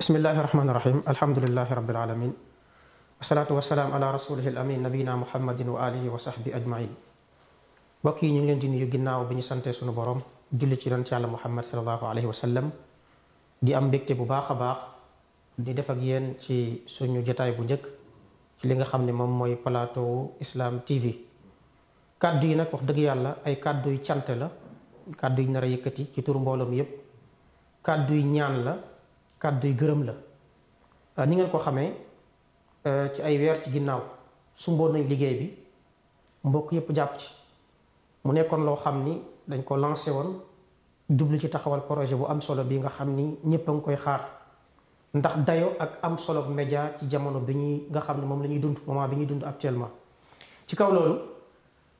بسم الله الرحمن الرحيم الحمد لله رب العالمين والصلاة والسلام على رسوله الأمين نبينا محمد وآله وصحبه أجمعين mbokk yi ñu ngi leen di nuyu ginnaaw bi ñu santee suñu borom julli ci yonent yàlla Muhammad sallallahu alayhi wa sallam di am mbégte bu baax a baax di def ak yéen ci suñu jotaay bu njëkk ci li nga xam ne moom mooy plateau Islam TV kàddu yi nag wax dëgg yàlla ay kàddu yu cant la kàddu yu nar a yëkkati ci tur mbooloo mi yëpp kàddu yu ñaan la. kàddu yi gërëm la euh, ni ngeen ko xamee euh, ci ay weer ci ginnaaw sumboon nañ liggéey bi mbokk yépp jàpp ci mu nekkoon loo xam ni dañ ko lancé woon dublu ci taxawal projet bu am solo bi nga xam ni ñëpp a ngi koy xaar ndax dayo ak am solo média ci jamono bi ñuy nga xam ne moom la ñuy dund moment bi ñuy dund actuellement ci kaw loolu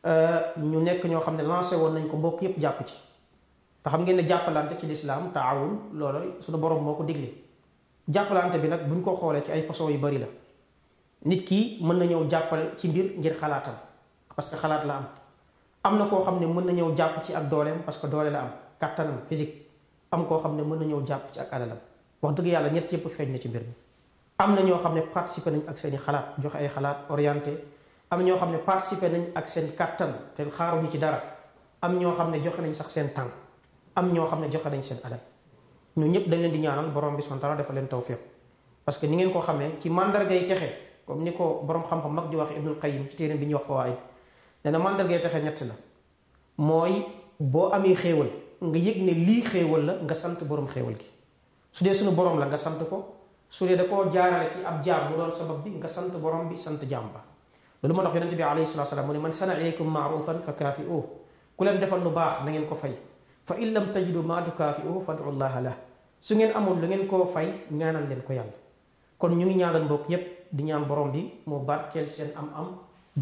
euh, ñu nekk ñoo xam ne lancé woon nañ ko mbokk yépp jàpp ci te xam ngeen ne jàppalante ci lislaam taawun loolu suñu borom moo ko digle jàppalante bi nag buñ ko xoolee ci ay façon yu bari la nit kii mën na ñëw jàppal ci mbir ngir xalaatam parce que xalaat la am am na koo xam ne mën na ñëw jàpp ci ak dooleem parce que doole la am kattanam physique am koo xam ne mën na ñëw jàpp ci ak alalam wax dëgg yàlla ñett yëpp feeñ na ci mbir mi am na ñoo xam ne participer nañ ak seen xalaat joxe ay xalaat orienté am ñoo xam ne participer nañ ak seen kattan te xaaruñu ci dara am ñoo xam ne joxe nañ sax seen temps am ñoo xam ne joxe nañ seen alal ñu ñëpp dañ leen di ñaanal borom bi subhaanahu wa defal dafa leen tawfiq parce que ni ngeen ko xamee ci mandargay texe comme ni ko borom xam-xam mag di wax Ibnul Qayyim ci téeréem bi ñu wax ko fawaid nee na mandargay texe ñett la mooy boo amee xéewal nga yëg ne lii xéewal la nga sant borom xéewal gi su dee suñu borom la nga sant ko su dee da koo jaarale ci ab jaam mu doon sabab bi nga sant borom bi sant jaam ba loolu moo tax yonente bi alayhi salaatu wa salaam mu ne man sana ilaykum maarufan leen defal lu baax na ngeen ko fay fa in lam tajidu ma tukaafi'uhu fad'u Allah lah su ngeen amul lu ngeen ko fay ñaanal leen ko yalla kon ñu ngi ñaanal mbokk yépp di ñaan borom bi mo barkel seen am-am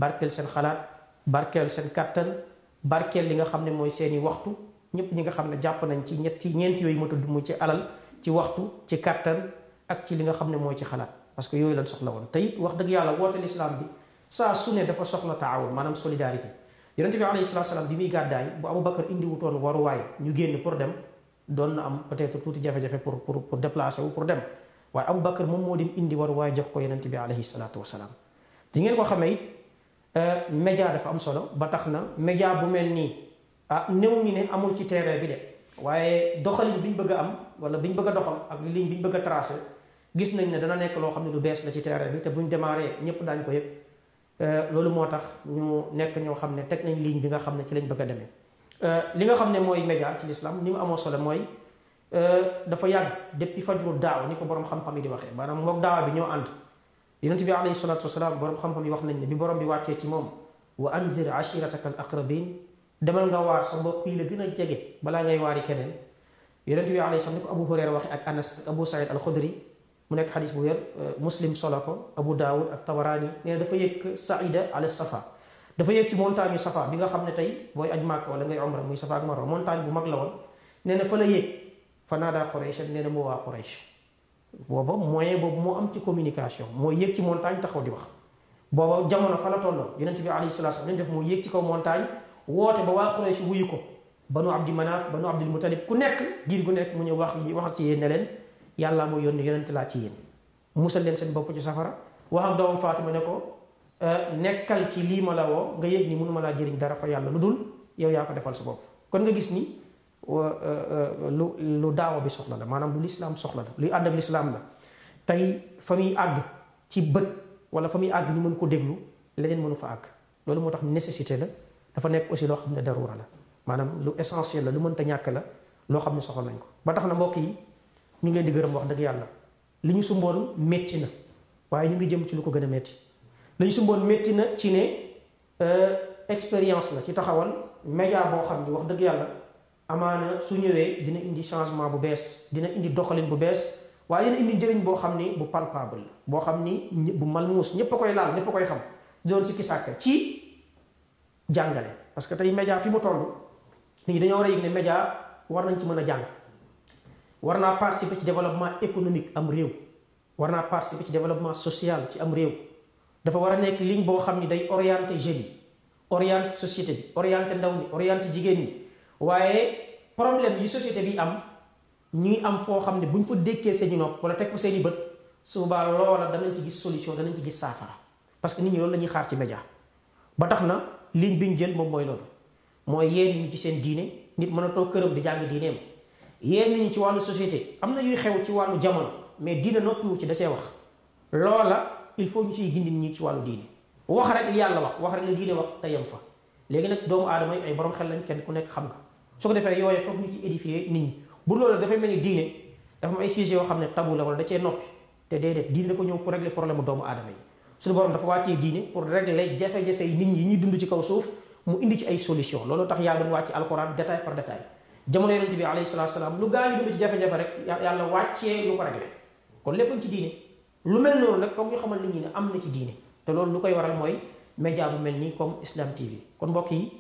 barkel seen xalaat barkel seen kàttan barkel li nga xamne moy mooy seeni waxtu ñepp ñi nga xamne japp nañ ci ci ñent yoy mu tudd mu ci alal ci waxtu ci kàttan ak ci li nga xamne moy ci xalaat parce que yoy lañ soxla won te wax deug yalla wote l'islam bi sa sunne dafa soxla taawun manam solidarité yonent bi alayhi salaatu salaam bi muy gàddaay bu Abubakar indiwutoon waruwaay ñu génn pour dem doon na am peut-être tuuti jafe-jafe pour pour pour déplacer wu pour dem waaye Abubakar moom moo dem indi waruwaay jox ko yonent bi alayhi salaatu wasalaam di ngeen ko xamee it euh, média dafa am solo ba tax na média bu mel nii ah néew ñu ne amul ci terrain bi de waaye doxalin bi ñu bëgg am wala bi ñu bëgg a doxal ak ligne bi ñu bëgg a gis nañ ne dana nekk loo xam ne lu bees la ci terrain bi te buñ démarré ñëpp daañ ko yëpp Euh, loolu moo tax ñu nekk ñoo xam ne teg nañ ligne bi nga xam ne ci lañ bëgg a demee euh, li nga xam ne mooy média ci lislaam ni mu amoo solo mooy euh, dafa yàgg depuis fajru daaw ni ko boroom xam-xam yi di waxee maanaam mook daawa bi ñoo ànd yonent bi alayhi salaatu wasalaam borom xam-xam yi wax nañ ne bi borom bi wàccee ci moom wa anzir ashirataka al aqrabin demal nga waar sa mbokk yi la gën a jege balaa ngay waari keneen yonent bi alayhi salaam ni ko Abu Hurayra waxee ak Anas Abu Saïd al Khudri mu nekk xadis bu wér muslim solo ko abu daawud ak tabaraani nee na dafa yëg saida ala safa dafa yëg ci montagne yu safa bi nga xam ne tey booy aj màkk wala ngay omra muy safa ak marwa montagne bu mag la woon nee na fa la yëg fa naadaa quraysh nee na moo waa quraysh booba moyen boobu moo am ci communication moo yëg ci montagne taxaw di wax booba jamono fa la tolloon yonente bi alayhi salatu wasallam def moo yëg ci kaw montagne woote ba waa quraysh wuyu ko banu abdi manaaf banu abdul mutalib ku nekk giir gu nekk mu ñëw wax wax ak ci yéen ne leen yalla mo yoni yonent la ci yeen musal len sen bop ci safara wax ak doom Fatima ne ko euh, nekkal ci li ma la wo nga yegg ni ma la jeriñ dara fa yalla lu dul yow ya ko defal sa bop kon nga gis ni euh, euh, lu lu daawa bi soxla la manam lu lislaam soxla la luy and ak lislaam la tay fami ag ci beut wala fami ag. ni mën ko deglu leneen mënu fa ag loolu motax la dafa nek aussi lo xamne darura la manam lu essentiel la lu ta ñak la lo xamne soxla nañ ko ba tax na mbokk yi ñu ngi di gërëm wax dëgg yàlla li ñu sumboon metti na waaye ñu ngi jëm ci lu ko gën a métti li ñu sumboon metti na ci ne euh, expérience la ci taxawal média boo xam ni wax dëgg yàlla amaana su ñëwee dina indi changement bu bees dina indi doxalin bu bees waaye indi njëriñ boo xam ni bu palpable boo xam ni bu malmuus ñëpp koy laal ñëpp ham. koy xam doon si kisàkka ci jàngale parce que tey média fi mu toll nit ñi dañoo war yëg ne média war nañ ci mën a war naa participer ci développement économique am réew war naa participer ci développement social ci am réew dafa war a nekk ligne boo xam ni day orienté jeunes yi société bi orienté ndaw ñi orienté jigéen ñi waaye problème yi société bi am ñuy am foo xam ne bu ñu fa dékkee seen i nopp wala teg fa seen i bët su boobaa loola danañ ci gis solution danañ ci gis saafara parce que nit ñi loolu la ñuy xaar ci média ba tax na ligne bi ñu jël moom mooy loolu mooy yéen ñi ci seen diine nit mën a toog këram di jàng diineem yéen nañu ci wàllu societé am na yuy xew ci wàllu jamono mais diine noppiwu ci da cee wax loola il faut ñu ciy gindi ñi ci wàllu diine wax rek li wax wax rek diine wax te yem fa léegi nag doomu aadama yi ay borom xel lañ kenn ku nekk xam nga su ko defee yooyu foog ci édifier nit bu loolu dafay mel ni diine dafa am ay yoo xam ne tabu la wala da cee noppi te déedéet diine dafa ñëw pour régler problème doomu aadama yi suñu borom dafa wàccee diine pour régler jafe-jafe yi nit ñi yi ñuy dund ci kaw suuf mu indi ci ay solution loolu tax yàlla doon wàcc alxuraan détail par détail jamono yonent bi alayhi salaatu salaam lu gaa ñu dund ci jafe-jafe rek yàlla wàccee lu ko réglé kon lépp ci diine lu mel noonu nag foog ñu xamal nit nii am na ci diine te loolu lu koy waral mooy média bu mel nii comme Islam TV kon mbokk yi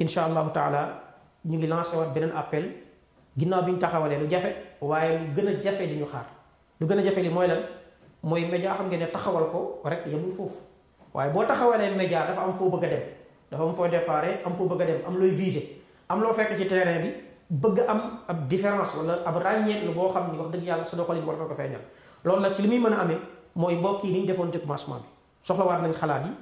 incha allahu taala ñu ngi lancé waat beneen appel ginnaaw bi ñu taxawalee lu jafe waaye lu gën a jafe di ñu xaar lu gën a jafe li mooy lan mooy média xam ngeen ne taxawal ko rek yemul foofu waaye boo taxawalee média dafa am foo bëgg dem dafa am foo déparé am foo bëgg a dem am looy visé am loo fekk ci terrain bi. bëgg am ab différence wala ab ràññeet la boo xam ni wax dëgg yàlla sa doxalin war na ko feeñal loolu nag ci li muy mën a amee mooy mbokk yi ni ñu defoon ci commencement bi soxlawaat nañ xalaat yi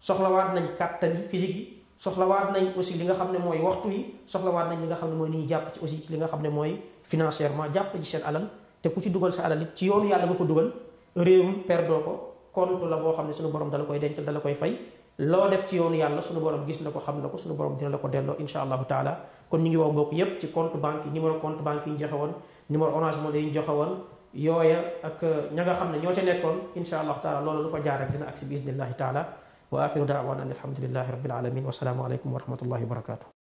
soxlawaat nañ kàttan yi yi soxlawaat nañ aussi li nga xam ne mooy waxtu yi soxlawaat nañ li nga xam ne mooy ni ñu jàpp ci aussi ci li nga xam ne mooy financièrement jàpp ci seen alal te ku ci dugal sa alal it ci yoonu yàlla nga ko dugal réewum perdoo ko compte la boo xam ne suñu borom dala koy dencal dala koy fay loo def ci yoon yàlla suñu borom gis na ko xam na ko suñu borom dina la ko delloo insha allahu taala kon ñu ngi woo mbokk yépp ci compte banque yi numéro compte banque yi ñu joxe woon numéro orange money yi ñu joxe yooya ak ña xam ne ñoo ca nekkoon insha allahu taala loolu lu fa jaar rek dina agsi bi isnillahi taala wa axiru daawana an alhamdulillahi rabbil alamin wa salaamu aleykum wa rahmatullahi wa